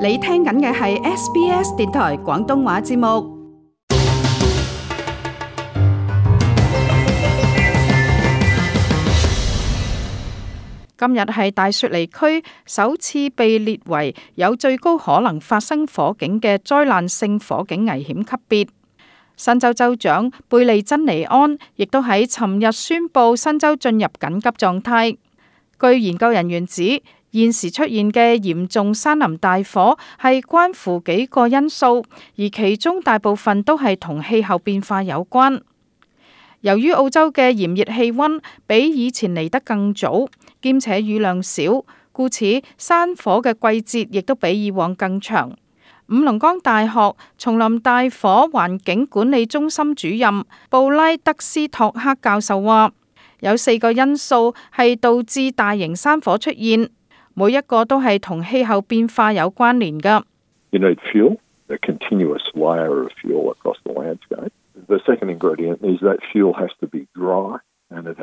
你聽緊嘅係 SBS 電台廣東話節目。今日係大雪梨區首次被列為有最高可能發生火警嘅災難性火警危險級別。新州州長貝莉珍妮安亦都喺尋日宣布新州進入緊急狀態。據研究人員指，現時出現嘅嚴重山林大火係關乎幾個因素，而其中大部分都係同氣候變化有關。由於澳洲嘅炎熱氣溫比以前嚟得更早，兼且雨量少，故此山火嘅季節亦都比以往更長。五龍崗大學叢林大火環境管理中心主任布拉德斯托克教授話，有四個因素係導致大型山火出現。每一個都係同氣候變化有關聯㗎。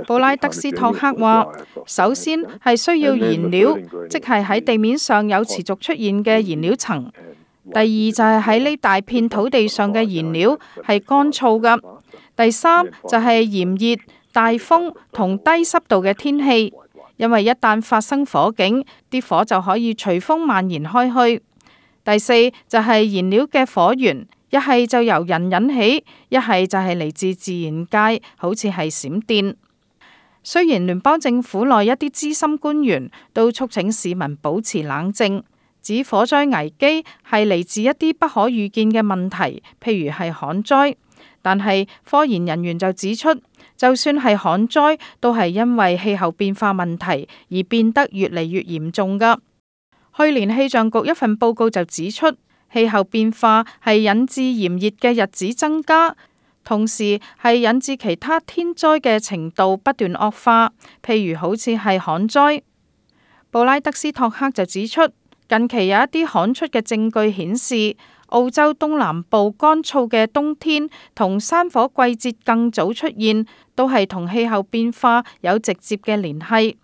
布拉德斯托克話，首先係需要燃料，即係喺地面上有持續出現嘅燃料層。第二就係喺呢大片土地上嘅燃料係乾燥㗎。第三就係炎熱大風同低濕度嘅天氣，因為一旦發生火警，啲火就可以隨風蔓延開去。第四就係燃料嘅火源，一係就由人引起，一係就係嚟自自然界，好似係閃電。雖然聯邦政府內一啲資深官員都促請市民保持冷靜，指火災危機係嚟自一啲不可預見嘅問題，譬如係旱災，但係科研人員就指出。就算係旱災，都係因為氣候變化問題而變得越嚟越嚴重噶。去年氣象局一份報告就指出，氣候變化係引致炎熱嘅日子增加，同時係引致其他天災嘅程度不斷惡化，譬如好似係旱災。布拉德斯托克就指出，近期有一啲罕出嘅證據顯示。澳洲東南部乾燥嘅冬天同山火季節更早出現，都係同氣候變化有直接嘅聯繫。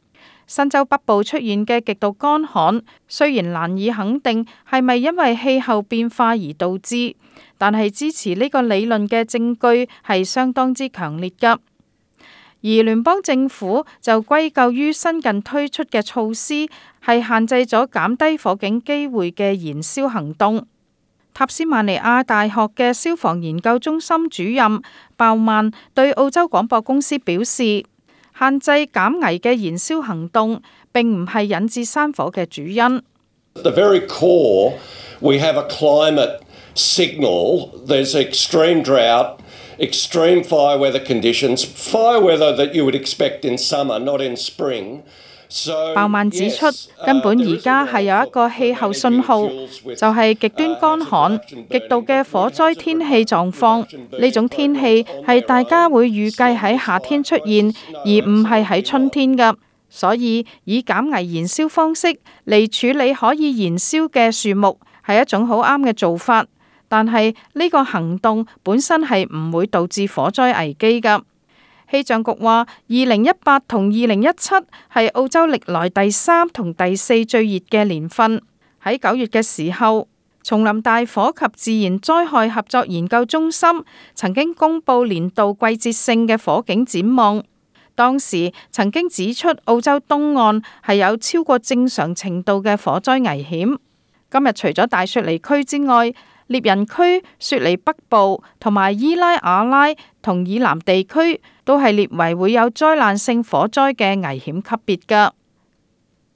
新州北部出現嘅極度乾旱，雖然難以肯定係咪因為氣候變化而導致，但係支持呢個理論嘅證據係相當之強烈㗎。而聯邦政府就歸咎於新近推出嘅措施，係限制咗減低火警機會嘅燃燒行動。塔斯曼尼亞大學嘅消防研究中心主任鮑曼對澳洲廣播公司表示，限制減危嘅燃燒行動，並唔係引致山火嘅主因。The very core, we have a 鮑曼指出，根本而家係有一個氣候信號，就係、是、極端乾旱、極度嘅火災天氣狀況。呢種天氣係大家會預計喺夏天出現，而唔係喺春天㗎。所以以減危燃燒方式嚟處理可以燃燒嘅樹木係一種好啱嘅做法。但係呢、這個行動本身係唔會導致火災危機㗎。氣象局話：二零一八同二零一七係澳洲歷來第三同第四最熱嘅年份。喺九月嘅時候，叢林大火及自然災害合作研究中心曾經公布年度季節性嘅火警展望，當時曾經指出澳洲東岸係有超過正常程度嘅火災危險。今日除咗大雪梨區之外，獵人區、雪梨北部同埋伊拉瓦拉同以南地區都係列為會有災難性火災嘅危險級別噶。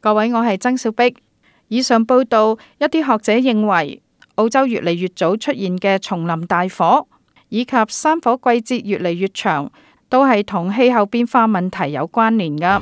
各位，我係曾小碧。以上報道，一啲學者認為，澳洲越嚟越早出現嘅叢林大火，以及山火季節越嚟越長，都係同氣候變化問題有關聯噶。